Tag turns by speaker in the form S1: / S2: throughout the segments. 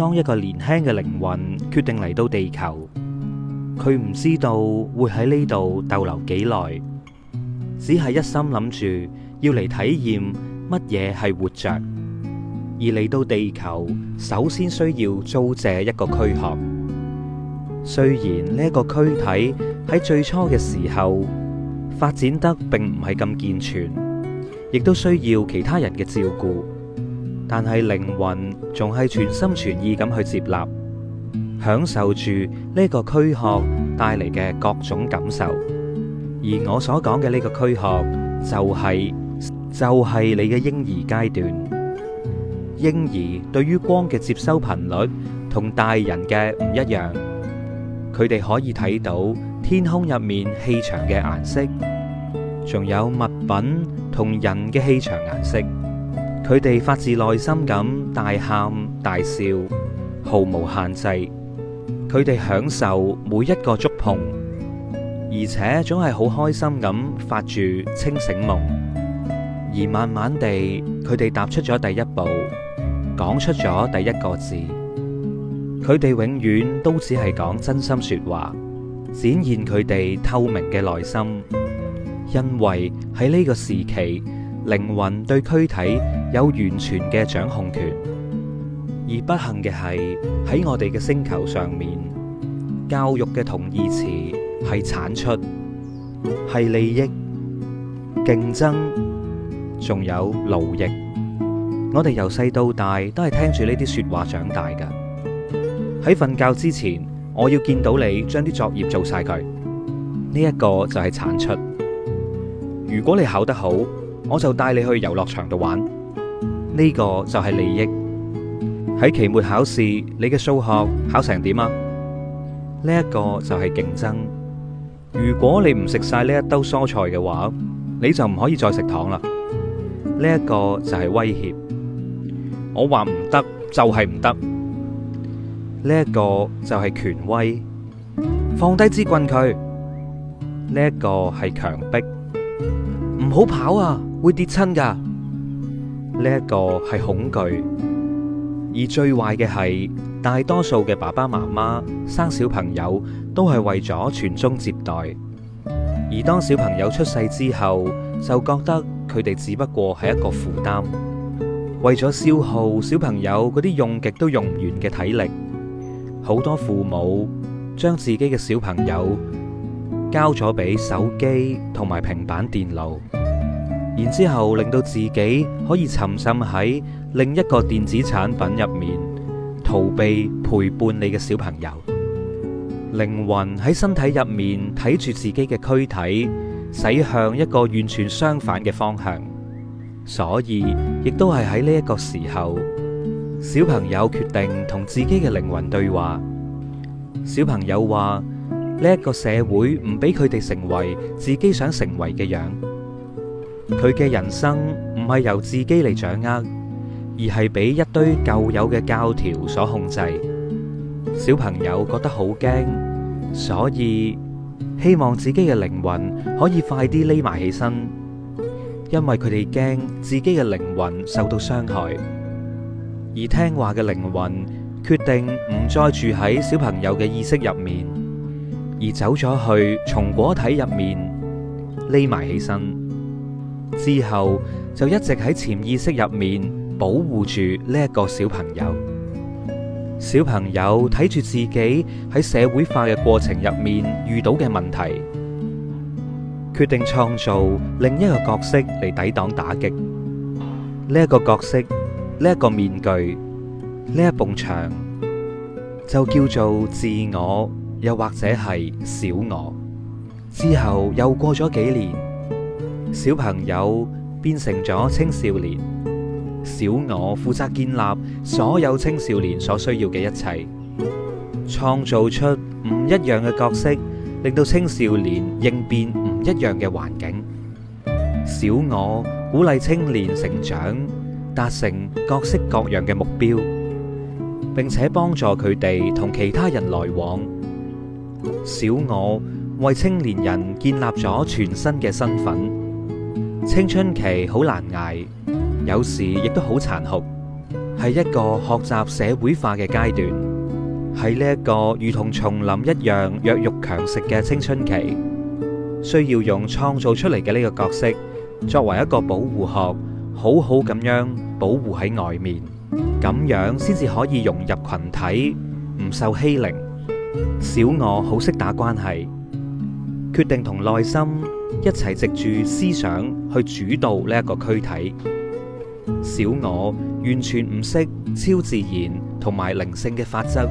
S1: 當一個年輕嘅靈魂決定嚟到地球，佢唔知道會喺呢度逗留幾耐，只係一心諗住要嚟體驗乜嘢係活着。而嚟到地球，首先需要租借一個軀殼。雖然呢個軀體喺最初嘅時候發展得並唔係咁健全，亦都需要其他人嘅照顧。但係靈魂仲係全心全意咁去接納，享受住呢個軀殼帶嚟嘅各種感受。而我所講嘅呢個軀殼，就係就係你嘅嬰兒階段。嬰兒對於光嘅接收頻率同大人嘅唔一樣，佢哋可以睇到天空入面氣場嘅顏色，仲有物品同人嘅氣場顏色。佢哋發自內心咁大喊大笑，毫無限制。佢哋享受每一個觸碰，而且總係好開心咁發住清醒夢。而慢慢地，佢哋踏出咗第一步，講出咗第一個字。佢哋永遠都只係講真心說話，展現佢哋透明嘅內心。因為喺呢個時期，靈魂對軀體。有完全嘅掌控權，而不幸嘅係喺我哋嘅星球上面，教育嘅同義詞係產出、係利益、競爭，仲有勞役。我哋由細到大都係聽住呢啲說話長大噶。喺瞓覺之前，我要見到你將啲作業做晒佢。呢一個就係產出。如果你考得好，我就帶你去遊樂場度玩。呢個就係利益。喺期末考試，你嘅數學考成點啊？呢一個就係競爭。如果你唔食晒呢一兜蔬菜嘅話，你就唔可以再食糖啦。呢一個就係威脅。我話唔得就係唔得。呢一個就係權威。放低支棍佢。呢一個係強迫。唔好跑啊，會跌親噶。呢一個係恐懼，而最壞嘅係，大多數嘅爸爸媽媽生小朋友都係為咗傳宗接代，而當小朋友出世之後，就覺得佢哋只不過係一個負擔，為咗消耗小朋友嗰啲用極都用唔完嘅體力，好多父母將自己嘅小朋友交咗俾手機同埋平板電腦。然之後令到自己可以沉浸喺另一個電子產品入面，逃避陪伴你嘅小朋友，靈魂喺身體入面睇住自己嘅軀體，駛向一個完全相反嘅方向。所以亦都係喺呢一個時候，小朋友決定同自己嘅靈魂對話。小朋友話：呢一個社會唔俾佢哋成為自己想成為嘅樣。佢嘅人生唔係由自己嚟掌握，而係俾一堆舊有嘅教條所控制。小朋友覺得好驚，所以希望自己嘅靈魂可以快啲匿埋起身，因為佢哋驚自己嘅靈魂受到傷害。而聽話嘅靈魂決定唔再住喺小朋友嘅意識入面，而走咗去從果體入面匿埋起身。之後就一直喺潛意識入面，保護住呢一個小朋友。小朋友睇住自己喺社會化嘅過程入面遇到嘅問題，決定創造另一個角色嚟抵擋打擊。呢一個角色，呢一個面具，呢一埲牆，就叫做自我，又或者係小我。之後又過咗幾年。小朋友變成咗青少年，小我負責建立所有青少年所需要嘅一切，創造出唔一樣嘅角色，令到青少年應變唔一樣嘅環境。小我鼓勵青年成長，達成各式各樣嘅目標，並且幫助佢哋同其他人來往。小我為青年人建立咗全新嘅身份。青春期好難捱，有時亦都好殘酷，係一個學習社會化嘅階段，係呢一個如同叢林一樣弱肉強食嘅青春期，需要用創造出嚟嘅呢個角色作為一個保護殼，好好咁樣保護喺外面，咁樣先至可以融入群體，唔受欺凌。小我好識打關係，決定同內心，一齊藉住思想去主導呢一個軀體，小我完全唔識超自然同埋靈性嘅法則，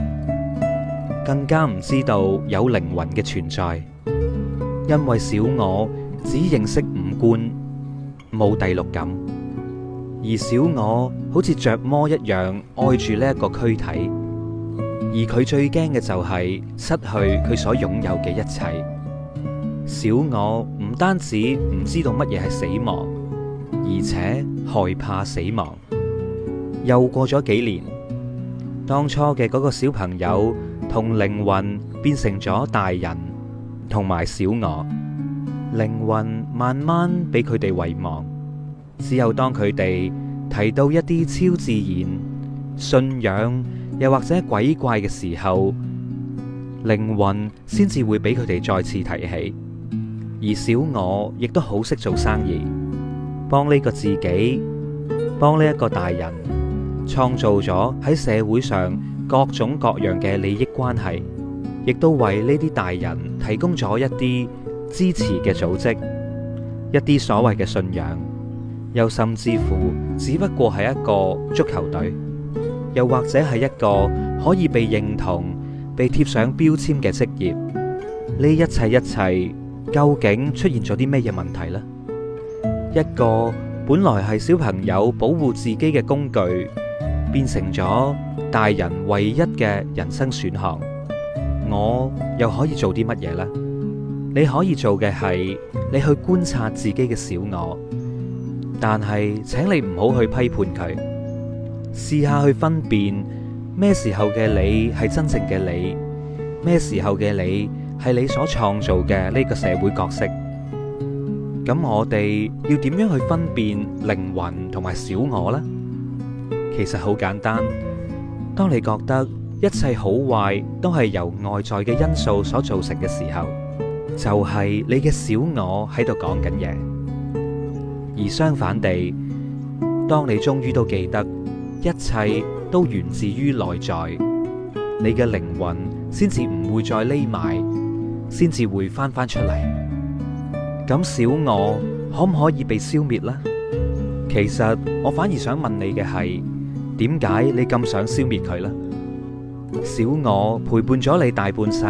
S1: 更加唔知道有靈魂嘅存在，因為小我只認識五官，冇第六感，而小我好似着魔一樣愛住呢一個軀體，而佢最驚嘅就係失去佢所擁有嘅一切，小我。唔單止唔知道乜嘢係死亡，而且害怕死亡。又過咗幾年，當初嘅嗰個小朋友同靈魂變成咗大人同埋小我，靈魂慢慢俾佢哋遺忘。只有當佢哋提到一啲超自然信仰，又或者鬼怪嘅時候，靈魂先至會俾佢哋再次提起。而小我亦都好識做生意，幫呢個自己，幫呢一個大人，創造咗喺社會上各種各樣嘅利益關係，亦都為呢啲大人提供咗一啲支持嘅組織，一啲所謂嘅信仰，又甚至乎只不過係一個足球隊，又或者係一個可以被認同、被貼上標籤嘅職業，呢一切一切。究竟出現咗啲咩嘢問題呢？一個本來係小朋友保護自己嘅工具，變成咗大人唯一嘅人生選項。我又可以做啲乜嘢呢？你可以做嘅係，你去觀察自己嘅小我，但係請你唔好去批判佢。試下去分辨咩時候嘅你係真正嘅你，咩時候嘅你？係你所創造嘅呢個社會角色，咁我哋要點樣去分辨靈魂同埋小我呢？其實好簡單，當你覺得一切好壞都係由外在嘅因素所造成嘅時候，就係你嘅小我喺度講緊嘢；而相反地，當你終於都記得一切都源自於內在，你嘅靈魂先至唔會再匿埋。先至會翻翻出嚟。咁小我可唔可以被消滅呢？其實我反而想問你嘅係，點解你咁想消滅佢呢？小我陪伴咗你大半世，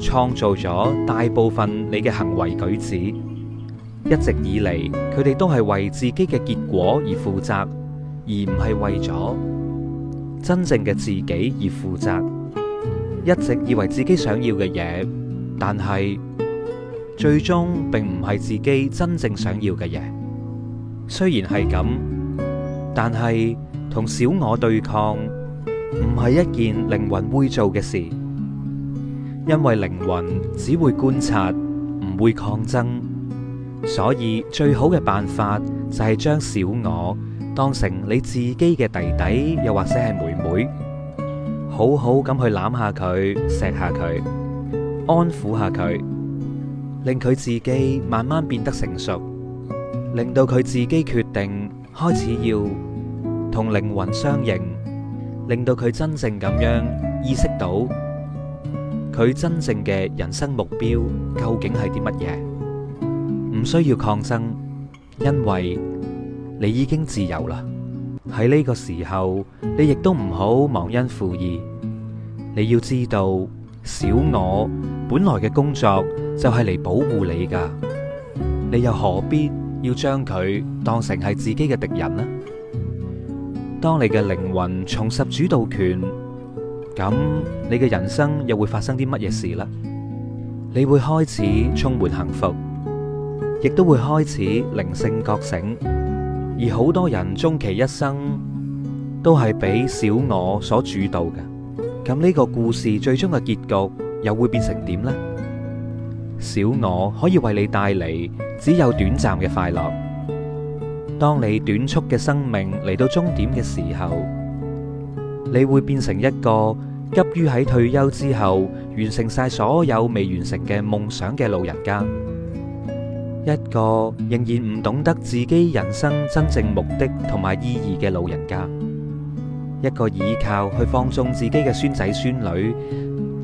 S1: 創造咗大部分你嘅行為舉止，一直以嚟佢哋都係為自己嘅結果而負責，而唔係為咗真正嘅自己而負責。一直以為自己想要嘅嘢。但係最終並唔係自己真正想要嘅嘢。雖然係咁，但係同小我對抗唔係一件靈魂會做嘅事，因為靈魂只會觀察，唔會抗爭。所以最好嘅辦法就係將小我當成你自己嘅弟弟，又或者係妹妹，好好咁去攬下佢，錫下佢。安撫下佢，令佢自己慢慢變得成熟，令到佢自己決定開始要同靈魂相應，令到佢真正咁樣意識到佢真正嘅人生目標究竟係啲乜嘢。唔需要抗爭，因為你已經自由啦。喺呢個時候，你亦都唔好忘恩負義。你要知道。小我本來嘅工作就係嚟保護你噶，你又何必要將佢當成係自己嘅敵人呢？當你嘅靈魂重拾主導權，咁你嘅人生又會發生啲乜嘢事呢？你會開始充滿幸福，亦都會開始靈性覺醒，而好多人終其一生都係俾小我所主導嘅。咁呢個故事最終嘅結局又會變成點呢？小我可以為你帶嚟只有短暫嘅快樂。當你短促嘅生命嚟到終點嘅時候，你會變成一個急於喺退休之後完成晒所有未完成嘅夢想嘅老人家，一個仍然唔懂得自己人生真正目的同埋意義嘅老人家。一個依靠去放縱自己嘅孫仔孫女，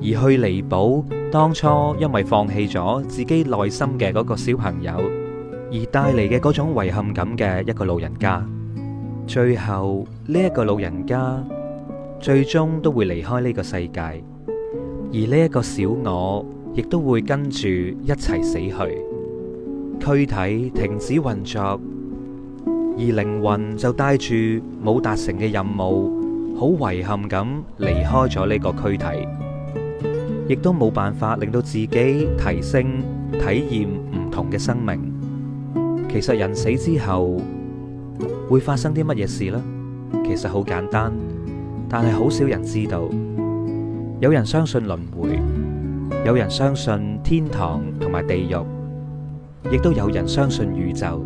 S1: 而去彌補當初因為放棄咗自己內心嘅嗰個小朋友，而帶嚟嘅嗰種遺憾感嘅一個老人家，最後呢一個老人家最終都會離開呢個世界，而呢一個小我亦都會跟住一齊死去，軀體停止運作，而靈魂就帶住冇達成嘅任務。好遺憾咁離開咗呢個軀體，亦都冇辦法令到自己提升體驗唔同嘅生命。其實人死之後會發生啲乜嘢事咧？其實好簡單，但係好少人知道。有人相信輪回，有人相信天堂同埋地獄，亦都有人相信宇宙。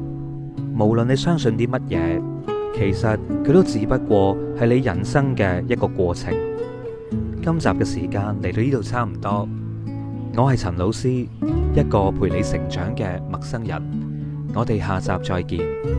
S1: 無論你相信啲乜嘢。其實佢都只不過係你人生嘅一個過程。今集嘅時間嚟到呢度差唔多。我係陳老師，一個陪你成長嘅陌生人。我哋下集再見。